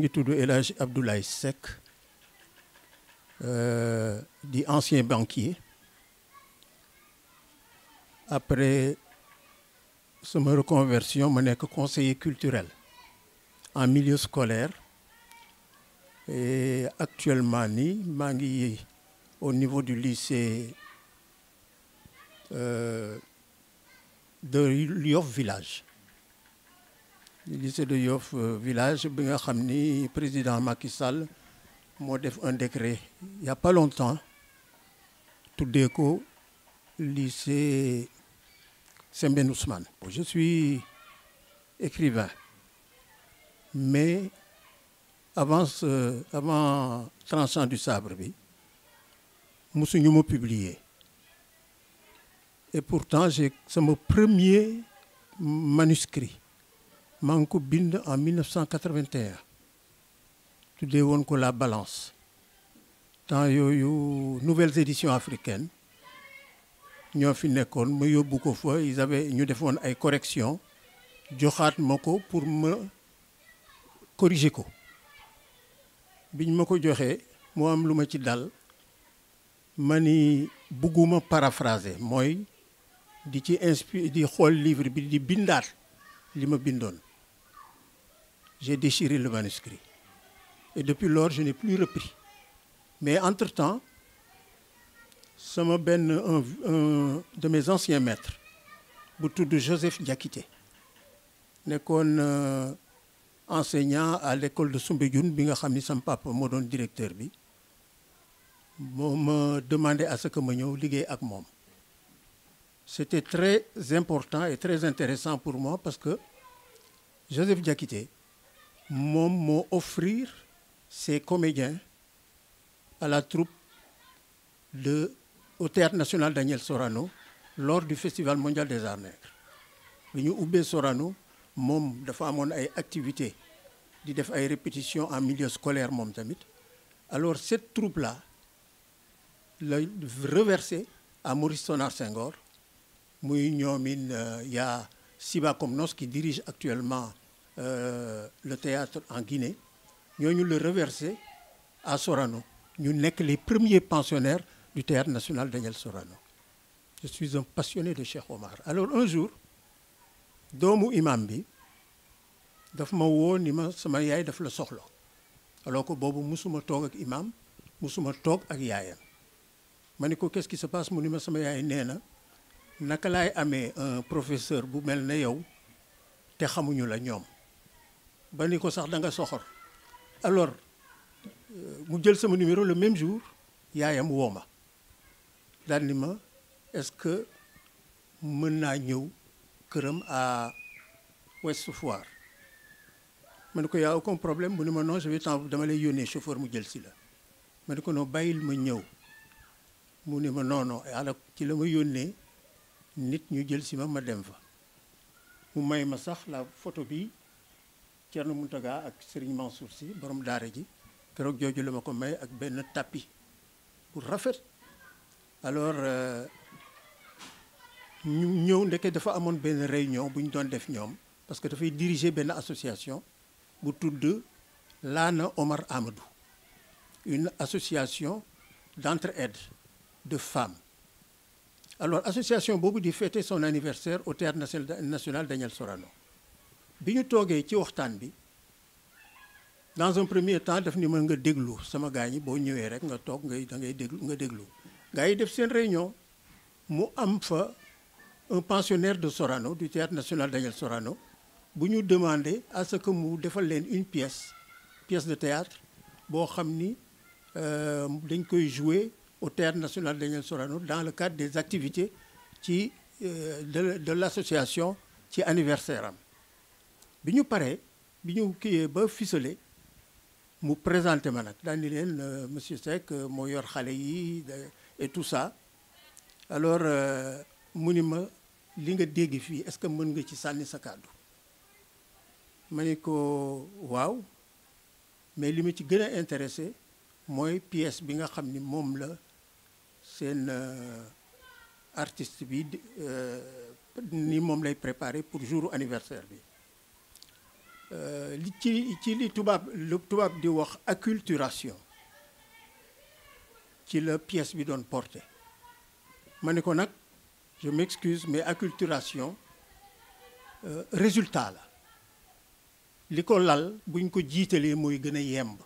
ngi tudd El Hadj Abdoulaye Seck euh, di ancien banquier après sama reconversion ma nekk conseiller culturel en milieu scolaire et actuellement nii maa ngi au niveau du lycée euh, de Yoff Village lycée de Yoff euh, village bi nga xam ni président Macky Sall moo def un décret il y a pas longtemps tuddee ko lycée Sembène Ousmane. je suis écrivain mais avant avant Tranchant du Sabre bi musuñu ma publier et pourtant j'ai sama premier manuscrit maa ngi ko bind en 1981 tuddee woon ko la balance temps yooyu nouvelle édition africaines ñoo fi nekkoon ma yóbbu ko fa ils avaient ñu defoon ay corrections joxaat ma ko pour ma corriger ko biñ ma ko joxee moo am lu ma ci dal ma ni bugguma paraphraser mooy di ci inspi di xool livre bi di bindaat li ma bindoon j'ai déchiré le manuscrit. Et depuis lors, je n'ai plus repris. Mais entre-temps, sama benn un, un de mes anciens maîtres bu de Joseph Diakité nekkoon euh, enseignant à l'école de Soumbédioune bi nga xam ni sam papa moo doon directeur bi moo ma demandé à ce que ma ñëw liggéey ak moom c'était très important et très intéressant pour moi parce que Joseph Diakité moom moo offrir ses comédiens à la troupe de au théâtre national Daniel Sorano lors du festival mondial des arts nègres bi ñu ubbee Sorano moom dafa amoon ay activités di def ay répétitions en milieu scolaire moom tamit alors cette troupe là la reversée à Maurice Sonar Senghor muy ñoomin il euh, y a Siba Komnos qui dirige actuellement euh, le théâtre en Guinée ñooñu la reversé à Sorano ñu nekk les premier pensionnaires du théâtre national Daniel Sorano je suis un passionné de Cheikh Omar alors un jour doomu imam bi daf ma woo ni ma sama yaay daf la soxla alors ko boobu musuma toog ak imam musuma toog ak yaayam ma ne ko qu'est-ce qui se passe mu ni ma sama yaay nee na naka laay amee un professeur bu mel na yow te xamuñu la ñoom ba ni ko sax danga nga soxor alors euh, mu jël sama numéro la même jour yaayam woo ma daal ma est-ce que mën naa ñëw këram a Ouest Foire ma ne ko y'a aucun problème mu ne ma non je vais t'en dama lay yónnee chauffeur mu jël si la ma ni ko non bàyyil ma ñëw mu ne ma non non yàlla ci la ma yónnee nit ñu jël si ma ma dem fa mu may ma sax la photo bi Thierno Mountaga ak Serigne Mansour si borom daare ji keroog jooju la ma ko may ak benn tapis bu rafet alors euh, ñu ñëw ndeke dafa amoon benn réunion bu ñu doon def ñoom parce que dafay diriger benn association bu tudd Lana Omar Amadou une association dentre d'entraide de femmes alors association boobu di fêter son anniversaire au théâtre national Daniel Sorano bi ñu toogee ci waxtaan bi dans un premier temps daf ni mën nga déglu sama gaa ñi boo ñëwee rek nga toog ngay da ngay déglu nga déglu gaa yi def seen réunion mu am fa un pensionnaire de Sorano du théâtre national Daniel Sorano bu ñu demandé à ce que mu defal leen une pièce pièce de théâtre boo xam ni euh, dañ koy jouer au théâtre national Daniel Sorano dans le cadre des activités ci euh, de de l'association ci anniversaire am bi ñu paree bi ñu kiiyee ba fisole mu présenté ma nag daal di leen euh, monsieur Seck euh, moo yor xale yi et tout sa alors euh, mu ni ma li nga dégg fii est-ce que mën nga ci sànni sa kàddu ma ni ko waaw mais li ma ci gën a intéressé mooy pièce bi nga xam ni moom la seen artiste bi ni moom lay préparé pour jour anniversaire bi Euh, li ci ci li tubaab lu tubaab di wax acculturation ci la pièce bi doon porté ma ni ko nag je m'excuse mais acculturation euh, résultat la li ko lal buñ ko jiitalee mooy gën a yemb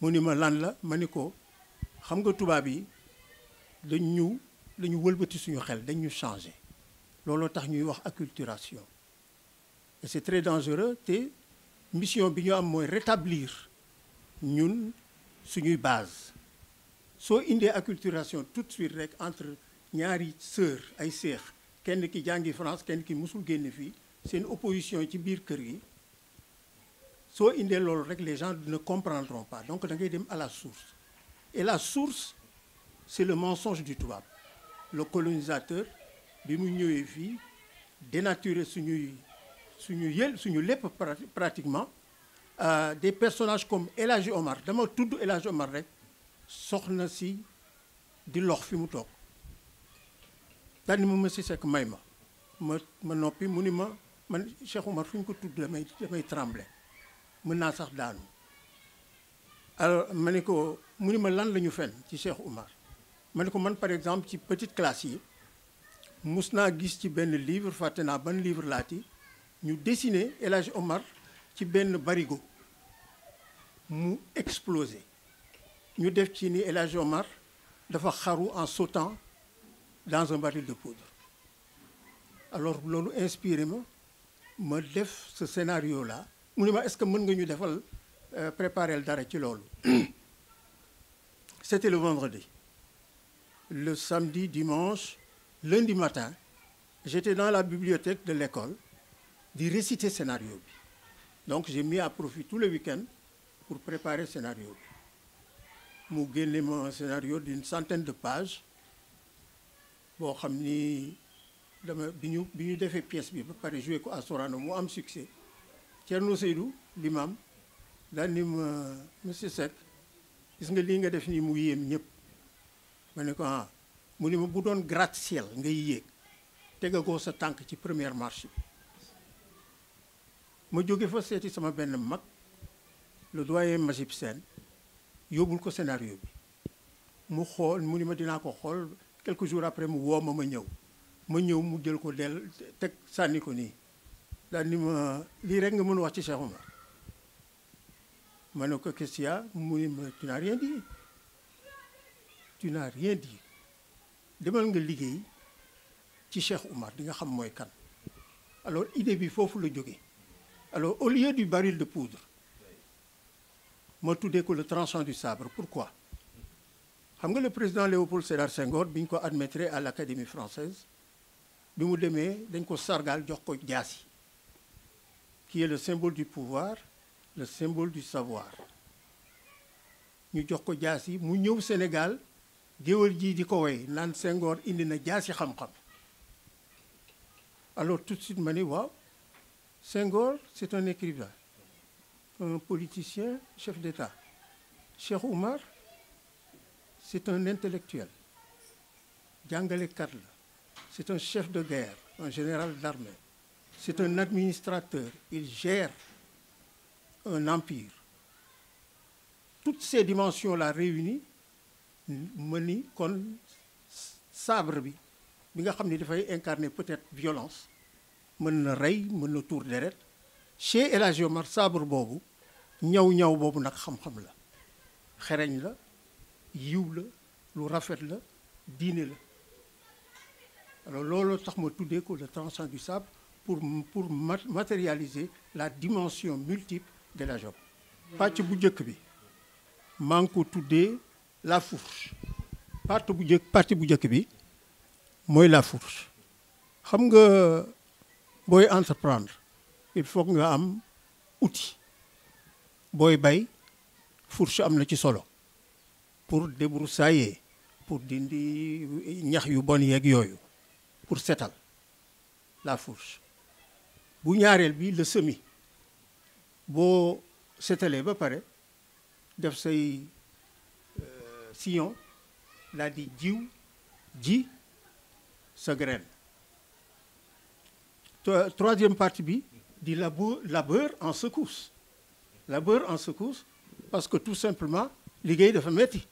mu ni ma lan la ma ni ko xam nga tubaab yi dañ ñu dañu wëlbati suñu xel dañ ñu changé looloo tax ñuy wax acculturation et c'est très dangereux te mission bi ñu am mooy rétablir ñun suñuy base soo indee acculturation tout de suite rek entre ñaari sœur ay seex kenn ki jàngi France kenn ki musul génn fii seen opposition ci biir kër gi soo indee loolu rek les gens ne comprendront pas donc da ngay dem à la source et la source c'est le mensonge du tubaab le colonisateur bi mu ñëwee fii dénaturer suñuy suñu yël suñu lépp pratiquement euh, des personnages comme El Hadji Omar dama tudd El Omar rek soxna si di lox fi mu toog daal mu ma si sekk may ma ma noppi mu ni ma man Cheikh Omar fu ñu ko tudd damay damay tremble mën naa sax daanu alors ma ne ko mu ni ma lan la ñu fen ci Cheikh Omar ma ne ko man par exemple ci petite classe yi mus naa gis ci benn livre fàtte naa ban livre laati ñu dessiner El Hadj Omar ci benn barigo mu explosé ñu def ci ni El Hadj Omar dafa xaru en sautant dans un baril de poudre alors loolu inspiré ma ma def ce scénario là mu ne ma est-ce que mën nga ñu defal euh, préparer dara ci loolu c'était le vendredi le samedi dimanche lundi matin j'étais dans la bibliothèque de l'école di réciter scénario bi donc j'ai mis à profit tout le week-end pour préparer scénario bi mu génne ma scénario d'une centaine de pages boo xam ni dama bi ñu bi ñu defee pièce bi ba pare joué ko à Sorano mu am succès Thierno Seydou l'imam daal ni ma monsieur Seck gis nga lii nga def nii mu yéem ñëpp ma ne ko ah mu ni ma bu doon gratte-ciel ngay yéeg tegagoo sa tànk ci première marche bi ma jóge fa seeti sama benn mag le doyen Majib seen yóbbul ko scénario bi mu xool mu ni ma dinaa ko xool quelques jour après mu woo ma ma ñëw ma ñëw mu jël ko del teg sànni ko nii daal ni ma lii rek nga mën wax ci Cheikh Oumar ma ne ko question mu ni ma tu n'as rien dit tu rien dit demal nga liggéey ci Cheikh Oumar di nga xam mooy kan alors idée bi foofu la jóge alors au lieu du baril de poudre ma tuddee ko le tranchant du sabre pourquoi xam nga le président Léopold Sédar Senghor bi ñu ko admettre à l'Académie française bi mu demee dañ ko sargal jox ko jaasi qui est le symbole du pouvoir le symbole du savoir ñu jox ko jaas jaasi mu ñëw Sénégal géwél ji di ko woy naan Senghor indi na jaasi xam-xam alors tout de suite ma ni waaw Senghor c'est un écrivain un politicien chef d'État Cheikh Oumar c'est un intellectuel jàngalekat la c'est un chef de guerre un général d'armée c'est un administrateur il gère un empire toutes ces dimensions là réunies ma ni kon sabre bi bi nga xam ne dafay incarner peut-être violence mën na rey mën na tuur deret Cheikh El Hadj Omar sabre boobu ñaw ñaw boobu nag xam-xam la xereñ la yiw la lu rafet la diine la alors loolu tax ma tuddee ko le tranchant du sabre pour pour matérialiser la dimension multiple de la job pàcc bu njëkk bi maa ko tuddee la fourche partie bu njëkk partie bu njëkk bi mooy la fourche xam nga booy entreprendre il faut nga am outil booy bay fourche am na ci solo pour débroussailler pour dindi ñax yu bon yeeg yooyu pour setal la fourche bu ñaareel bi le semis boo setalee ba pare def say euh, sillon daal di jiw ji sa graine troisième partie bi di labeur labeur en secousse labeur en secousse parce que tout simplement liggéey dafa metti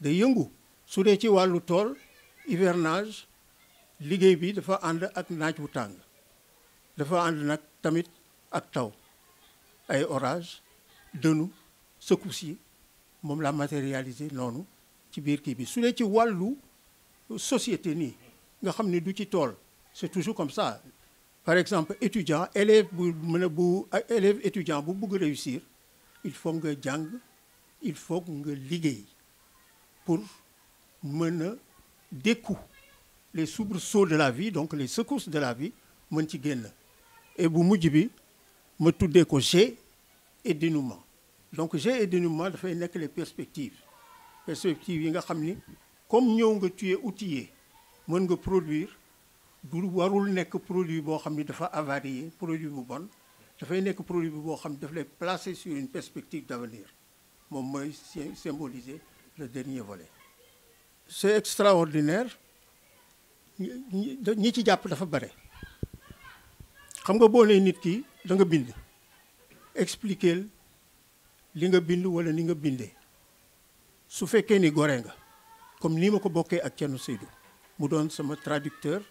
day yëngu su dee ci wàllu tool hivernage liggéey bi dafa ànd ak naaj wu tàng dafa ànd nag tamit ak taw ay orage dënu secousse yi moom la matérialiser noonu ci biir kii bi su dee ci wàllu société nii nga xam ne du ci tool c'est toujours comme ça par exemple étudiant élève bu mën a bu élève étudiant bu bëgg réussir il faut nga jàng il faut nga liggéey pour mën a dékku les soubresauts de la vie donc les secousses de la vie mën ci génn et bu mujj bi ma tuddee ko G et dénouement donc G et dénouement dafay nekk les perspectives perspectives yi nga xam ni comme ñëw nga tu es mën nga produir du warul nekk produit boo xam ni dafa avarié produit bu bon dafay nekk produit bi boo xam ni daf lee placer sur une perspective d'avenir moom mooy symboliser le dernier volet c'est extraordinaire ñi ci jàpp dafa bare xam nga boo nee nit ki da nga bind expliquer li nga bind wala ni nga bindee su fekkee ni goree nga comme ni ma ko bokkee ak Thierno Seydou mu doon sama traducteur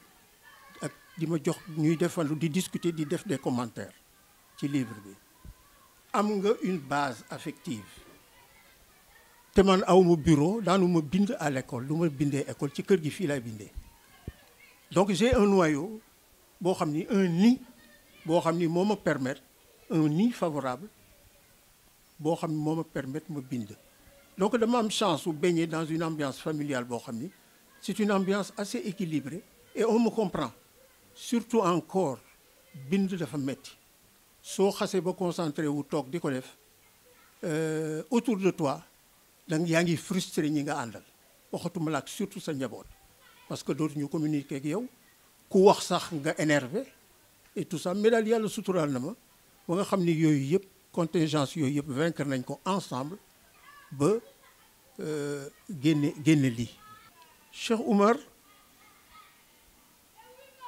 di ma jox ñuy defalu di discuter di def des commentaires ci libre bi am nga une base affective te man awma bureau ma bind à l'école lu ma bindee école ci kër gi fii laay bindee donc j'ai un noyau boo xam ni un nid boo xam ni moo ma permettre un nid favorable boo xam ni moo ma permetre ma bind donc dama am chance su baigner dans une ambiance familiale boo xam ni c'est une ambiance assez équilibrée et on me comprend surtout encore bind dafa metti soo xasee ba concentré wu toog di ko def euh, autour de toi danga yaa ngi frustré ñi nga àndal waxatuma laak surtout sa njaboot parce que dootuñu communiquer ak yow ku wax sax nga énervé et tout ça mais daal yàlla suturaal na ma ba nga xam ni yooyu yëpp contingence yooyu yëpp vaincre nañ ko ensemble ba euh, génne génne lii Cheikh Oumar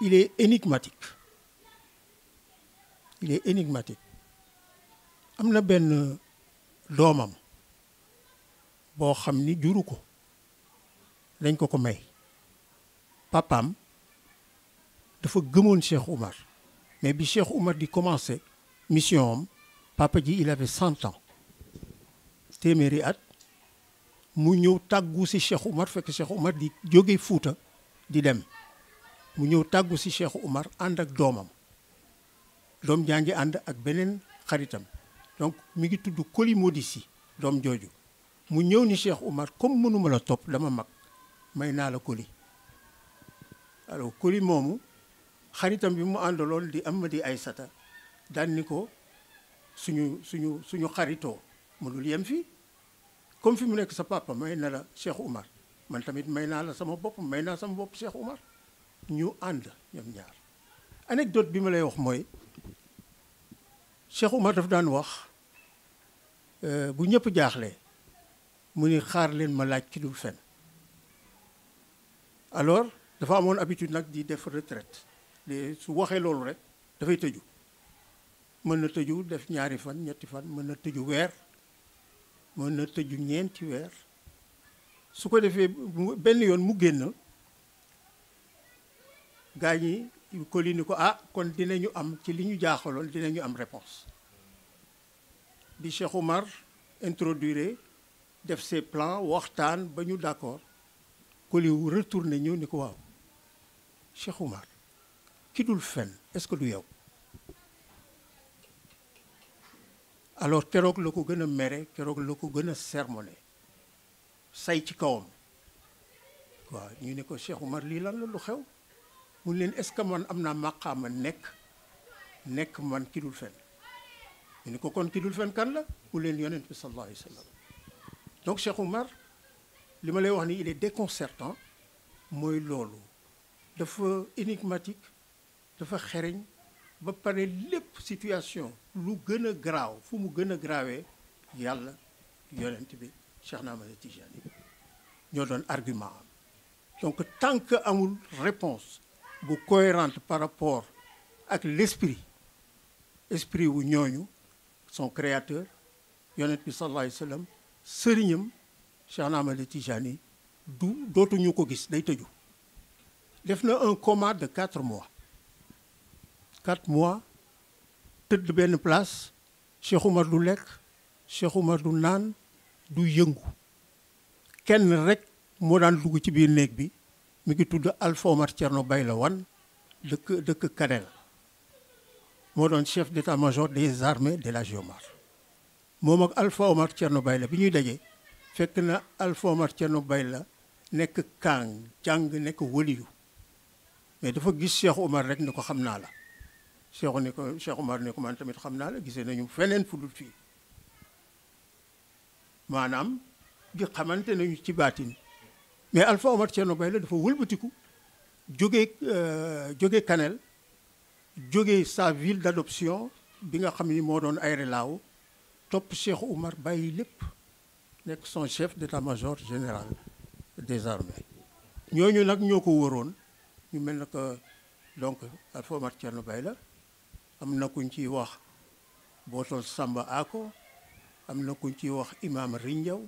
il est énigmatique il est énigmatique am na benn doomam boo xam ni juru ko dañ ko ko may papam dafa gëmoon Cheikh Oumar mais bi Cheikh Oumar di commencé mission am papa ji il avait cent ans téeméeri at mu ñëw tàggu si Cheikh Oumar fekk Cheikh Oumar di jóge Fuuta di dem mu ñëw tàggu si Cheikh Oumar ànd ak doomam doom jaa ngi ànd ak beneen xaritam donc mi ngi tudd di si doom jooju mu ñëw ni Cheikh Oumar comme mënuma la topp dama mag may naa la Koli alors Koli moomu xaritam bi mu ànd lool di am di ay sata daan ni ko suñu suñu suñu xaritoo mënul yem fii comme fi mu nekk sa papa may na la Cheikh Oumar man tamit may naa la sama bopp may naa sama bopp Cheikh Oumar ñu ànd ñoom ñaar anecdote bi ma lay wax mooy Cheikh Oumar daf daan wax euh, bu ñëpp jaaxlee mu ni xaar leen ma laaj ki dul fen alors dafa amoon habitude nag di def retraite su waxee loolu rek dafay tëju mën na tëju def ñaari fan ñetti fan mën na tëju weer mën na tëju ñeenti weer su ko defee benn yoon mu génn gaa yi Coly ni ko ah kon dina ñu am ci li ñu jaaxaloon dinañu am réponse bi Cheikh Oumar introduire def se plans waxtaan ba ñu d'accord Coly wu retourné ñu ni ko waaw Cheikh Oumar ki dul fen est-ce du yow alors keroog la ko gën a mere keroog la ko gën a sermoné say ci kawam waaw ñu ne ko Cheikh Oumar lii lan la lu xew mu leen est-ce que man am naa màqaama nekk nekk man ki dul fen ñu ni ko kon ki dul fen kan la mu leen yonent bi sallallahu alayhi wa donc Cheikh Oumar li ma lay wax ni il est déconcertant mooy loolu dafa énigmatique dafa xereñ ba pare lépp situation lu gën a garaaw fu mu gën a garaawee yàlla yonent bi Cheikh ma Ahmada Tijani ñoo doon argument am donc tant amul réponse bu cohérente par rapport ak l'esprit esprit wu ñooñu son créateur yonent bi sallallahu alayhi wa sallam sëriñam Cheikh Ahmad Tijani du dootuñu ko gis day tëju def na un coma de quatre mois quatre mois tëdd benn place Cheikh Oumar du lekk Cheikh Oumar du naan du yëngu kenn rek moo daan dugg ci biir néeg bi mi ngi tudd Alpha Omar bay la Wane dëkk dëkk Kanel moo doon chef d'état-major des armées de la Géomar moom ak Alpha Omar Thierno Bayla bi ñuy dajee fekk na Alpha Omar bay la nekk kaang jàng nekk wëliyu mais dafa gis Cheikh Omar rek ni ko xam naa la Cheikh ni ko Cheikh Omar ni ko tamit xam naa la gisee nañu feneen fu dul fii maanaam di xamante nañu ci baatin mais Alpha Omar Thierno Bay la dafa wëlbatiku jógee euh, jóge Kanel jóge sa ville d'adoption bi nga xam ni moo doon Aéré Lao topp Cheikh Oumar bàyyi lépp nekk son chef d'état-major général des armées ñooñu nag ñoo ko wëroon ñu mel na que donc Alpha Omar Thierno Bay la am na kuñ ci wax Bootol Samba Ako am na kuñ ci wax Imam Rindiaw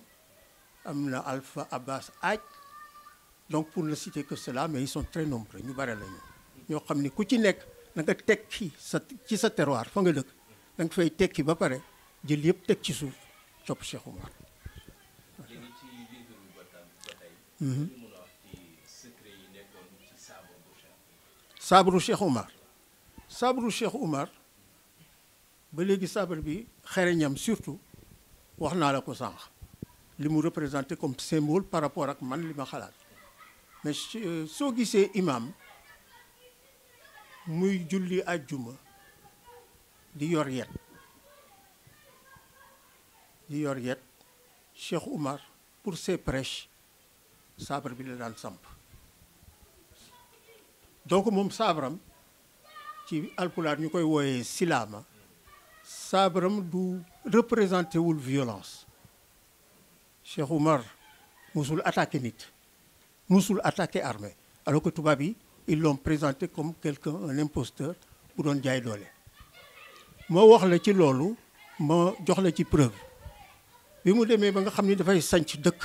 am na Alpha Abbas Aj donc pour ne citer que cela mais ils sont très nombreux ñu bare la ñoo xam ni ku ci nekk na nga tekki sa ci sa terroir fa nga dëkk da fay tekki ba pare jël yëpp teg ci suuf topp Cheikh Oumar. Mhm. saabru Cheikh Oumar saabru Cheikh Oumar ba léegi saabar bi xereñam surtout wax naa la ko sànq li mu représenté comme symbole par rapport ak man li ma xalaat. Euh, soo gisee imaam muy julli juma di yor yet di yor yet Cheikh Oumar pour ses prêches sabre bi la daan samp donc moom sabram ci alpulaar ñu koy wooyee silaama sabram du représenté wul violence Cheikh Oumar musul attaqué nit musul attaqué armée alors ko tubaab yi ils l'ont présenté comme quelqu'un un imposteur bu doon jaay doole moo wax la ci loolu ma jox la ci preuve bi mu demee ba nga xam ni dafay sanc dëkk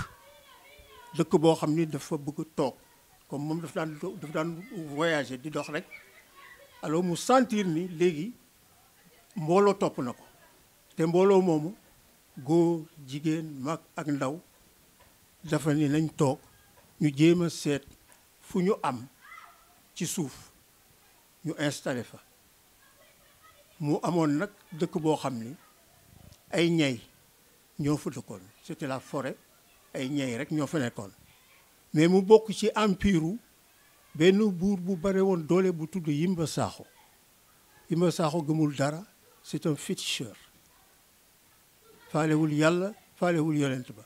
dëkk boo xam ni dafa bëgg toog comme moom dafa daan dafa daan voyager di dox rek alors mu sentir ni léegi mbooloo topp na ko te mbooloo moomu góor jigéen mag ak ndaw dafa ni nañ toog ñu jéem a seet fu ñu am ci suuf ñu installé fa mu amoon nag dëkk boo xam ni ay ñay ñoo fa dëkkoon c'était la forêt ay ñay rek ñoo fa nekkoon mais mu bokk ci empire benn buur bu bare woon doole bu tudd Yimba Sakho Yimba Sakho gëmul dara c'est fit féticheur faalewul yàlla faalewul yonent ba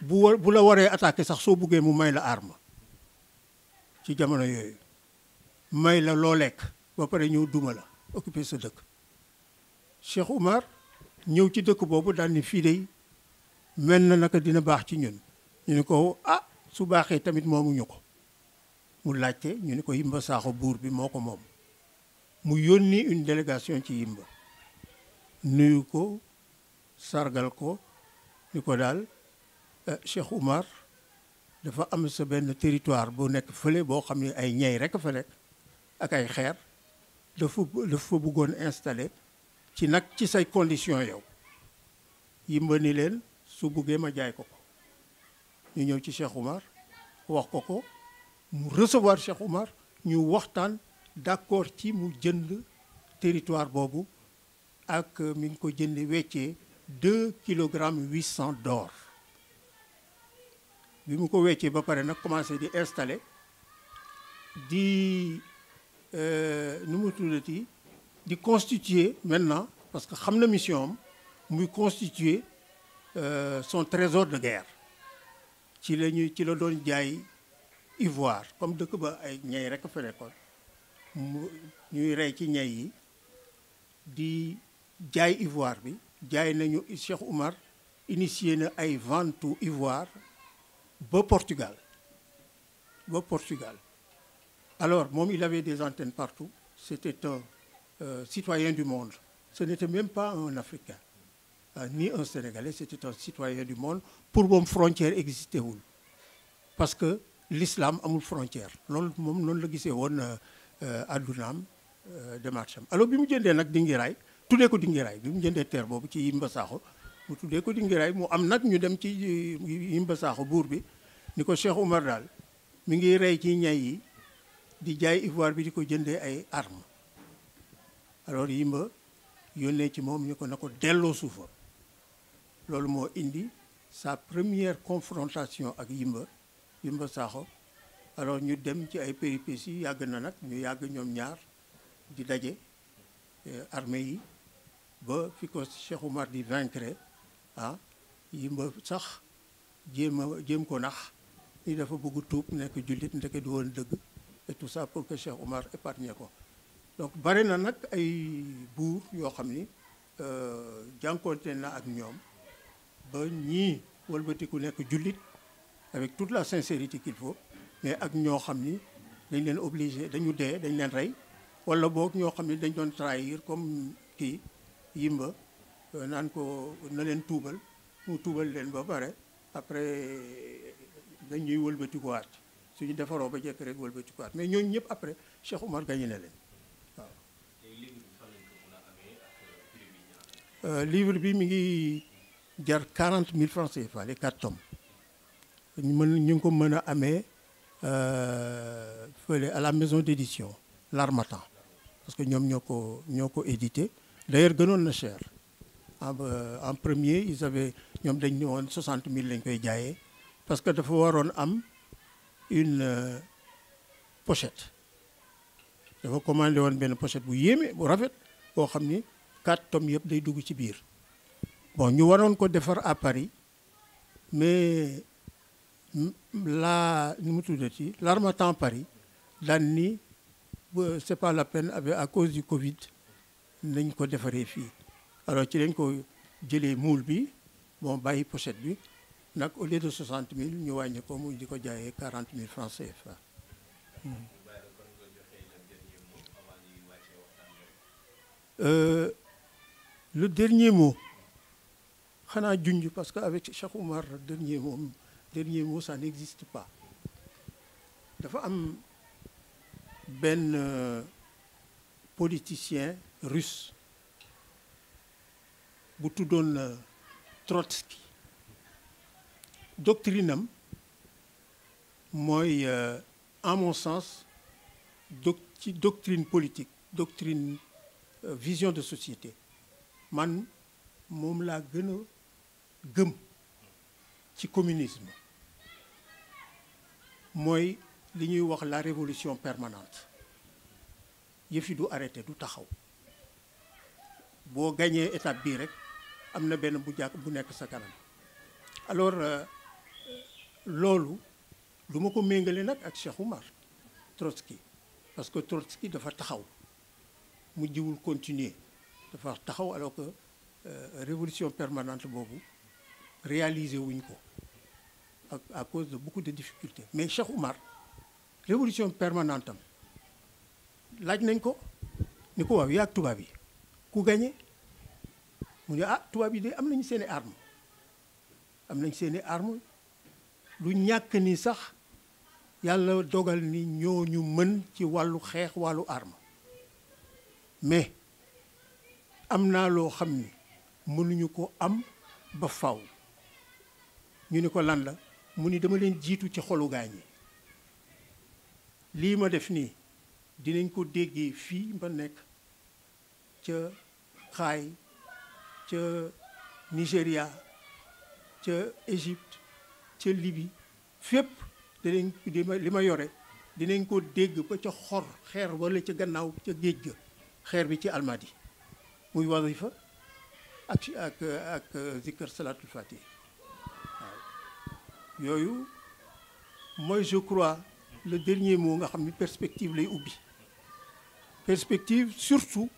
bu war bu la waree attaqué sax soo buggee mu may la arme ci jamono yooyu may la loo lekk ba pare ñëw duma la occupé sa dëkk Cheikh Oumar ñëw ci dëkk boobu daal ni fii dey mel na naka dina baax ci ñun ñu ne ko ah su baaxee tamit moomu ñu ko mu laajte ñu ni ko Yimba Sakho buur bi moo ko moom mu yónni une délégation ci Yimba nuyu ko sargal ko ni ko daal Euh, Cheikh Oumar dafa am sa benn territoire bu nekk fële boo xam ne ay ñay rek fa nekk ak ay xeer dafa dafa fa bëggoon installé ci nag ci say condition yow yimba ni leen su buggee ma jaay ko ko ñu ñëw ci Cheikh Oumar wax ko ko mu recevoir Cheikh Oumar ñu waxtaan d'accord ci mu jënd teritoire boobu ak mu ngi ko jënd weccee deux kilogrammes huit cent d'or bi mu ko weccee ba pare nag commencé di installer di euh, nu mu tuddati di constituer maintenant parce que xam na mission am muy constituer euh, son trésor de guerre ci la ñuy ci la doon jaay ivoire comme dëkk ba ay ñay rek fa mu ñuy rey ci ñay yi di jaay ivoire bi jaay nañu Cheikh Oumar initié na ay vente ivoire ba Portugal ba Portugal alors moom il avait des antennes partout c'était un euh, citoyen du monde ce n'était même pas un Africain euh, ni un Sénégalais c'était un citoyen du monde pour moom frontière existé wul parce que l'islam amul frontière loolu moom loolu la gisee woon euh, euh, addunaam euh, démarche am alors bi mu jëndee nag Dingiraay tuddee ko Dingiraay bi mu jëndee terre boobu ci Mbasaaxo bu tuddee ko di moo am nag ñu dem ci yimba saaxu buur bi ni ko Cheikh Oumar daal mi ngi rey ci ñay yi di jaay ivoire bi di ko jëndee ay armes alors yimba yónnee ci moom ñu ko na ko delloo suufa loolu moo indi sa première confrontation ak yimba yimba saaxo alors ñu dem ci ay péripéties yàgg na nag ñu yàgg ñoom ñaar di daje eh, armée yi ba fi ko Cheikh Oumar di vaincre ah yimba sax jéem a jéem ko nax ni dafa bëgg tuub nekk jullit ndeke du woon dëgg et tout ça pour que Cheikh Omar épargne ko donc bari na nag ay buur yoo xam ni euh, jànkoonte na ak ñoom ba ñii walbatiku nekk jullit avec tout la sincérité qu'il faut mais ak ñoo xam ni dañ leen obligé dañu dee dañ leen rey wala boog ñoo xam ni dañ doon trahir comme kii yimba Euh, naan ko na leen tuubal mu tuubal leen ba pare après dañuy wëlbatikuwaat suñu defaroo ba jekk rek wëlbatikuwaat mais ñooñu ñëpp après Cheikh Oumar gañe na leen waaw. Euh, livre bi mi ngi jar quarante mille francs CFA les quatre tomes ñu mën ñu ngi ko mën a amee euh, fële à la maison d'édition L'Harmattan parce que ñoom ñoo ko ñoo ko édité d'ailleurs gënoon na cher. en euh, en premier ils avaient ñoom dañ ne woon 60 000 lañ koy jaayee parce que dafa waroon am une euh, pochette dafa commandé woon benn pochette bu yéeme bu rafet boo xam ni quatre tomes yëpp day dugg ci biir bon ñu waroon ko defar à Paris mais mm, la nu mu tuddati l'harmattan Paris daan ni euh, c'est pas la peine avec à cause du Covid nañ ko defaree fii alors ci lañ ko jëlee muul bi bon bàyyi pochette bi nag au lieu de 60 000 ñu wàññi ko mu di ko jaayee 40 000 francs CFA. Euh, le dernier mot xanaa junj parce que avec Cheikh Oumar dernier mot dernier mot ça n'existe pas dafa am benn euh, politicien russe. bu tuddoon euh, Trotsky doctrine am mooy euh, à mon sens doc ci doctrine politique doctrine euh, vision de société man moom laa gën a gëm ci communisme mooy li ñuy wax la révolution permanente yëf du arrêté du taxaw boo gañee étape bii rek am na benn bu jàkk bu nekk sa kanam alors euh, loolu lu ma ko méngale nag ak Cheikh Oumar Trotsky parce que Trotsky dafa taxaw mu jiwul continuer dafa taxaw alors que euh, révolution permanente boobu réaliser wuñ ko ak à cause de beaucoup de difficultés mais Cheikh Oumar révolution permanente am laaj nañ ko ni ko waaw ak tubaab yi ku gagné mu ne ah tubaab yi de am nañu seeni i arme am nañ seeni arm lu ñàkk ni sax yàlla dogal ni ñu mën ci wàllu xeex wàllu arme mais am naa loo xam ni mënuñu ko am ba faw ñu ni ko lan la mu ni dama leen jiitu ci xolu gaañ yi lii ma def nii dinañ ko déggee fii ba nekk ca xaay ca nigeria ca Égypte ca Libye fépp dinañ li ma yore dinañ ko dégg ba ca xor xeer wala ca gannaaw ca géej ga xeer bi ci almadi muy wazifa ak ak ak zikr salatul yooyu mooy je crois le dernier mot nga xam ni perspective lay ubbi perspective surtout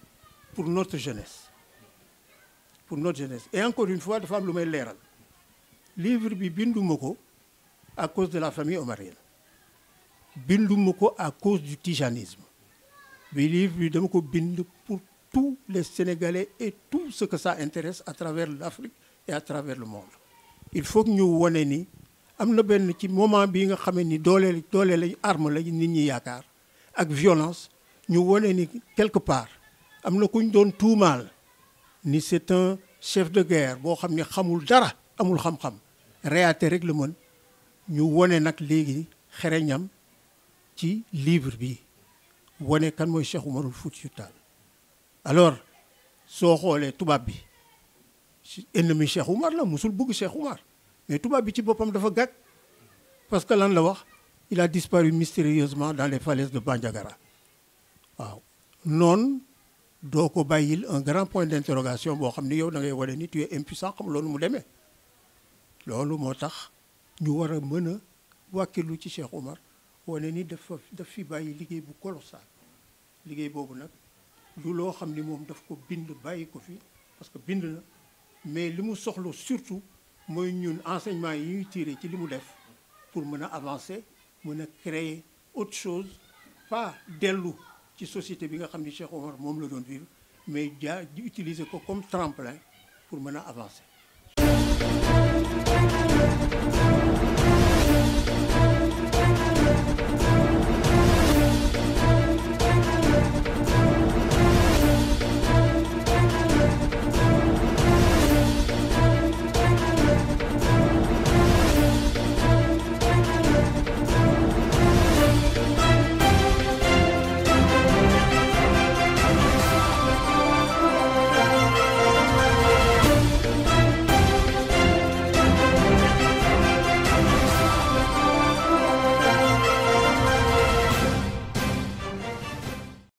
pour notre jeunesse pour notre jeunesse et encore une fois dafa am lu may leeral livre bi binduma ko à cause de la famille marine binduma ko à cause du tijanisme bi livre bi dama ko bind pour tous les sénégalais et tout ce que ça intéresse à travers l'Afrique et à travers lu monde il faut que ñu wone ni am na benn ci moment bi nga xamee ni doole doole lañ arme lañ nit ñi yaakaar ak violence ñu wone ni quelque part am na kuñ doon tuumaal ni c'est un chef de guerre boo xam ni xamul dara amul xam-xam réaté rek la mën ñu wone nag léegi xereñam ci livre bi wone kan mooy Cheikh Oumarul Foutiyou Tall alors soo xoolee tubaab bi ennemi Cheikh Oumar la musul bugg Cheikh Oumar mais tubaab bi ci boppam dafa gàgg parce que lan la wax il a disparu mystérieusement dans les falaises de Bandiagara waaw noonu doo ko bàyyil un grand point d'interrogation boo xam ni yow da ngay wane ni tu es xam loolu mu demee loolu moo tax ñu war a mën a wàkkilu ci Cheikh Oumar wane ni dafa daf fi bàyyi liggéey bu colossal liggéey boobu nag du loo xam ni moom daf ko bind bàyyi ko fii parce que bind na mais li mu soxla surtout mooy ñun enseignement yi ñuy tiré ci li mu def pour mën a avancer mën a créer autre chose pas dellu ci société bi nga xam ni Cheikh Omar moom la doon vivre mais jaa di utiliser ko comme tremplin pour mën a avancer.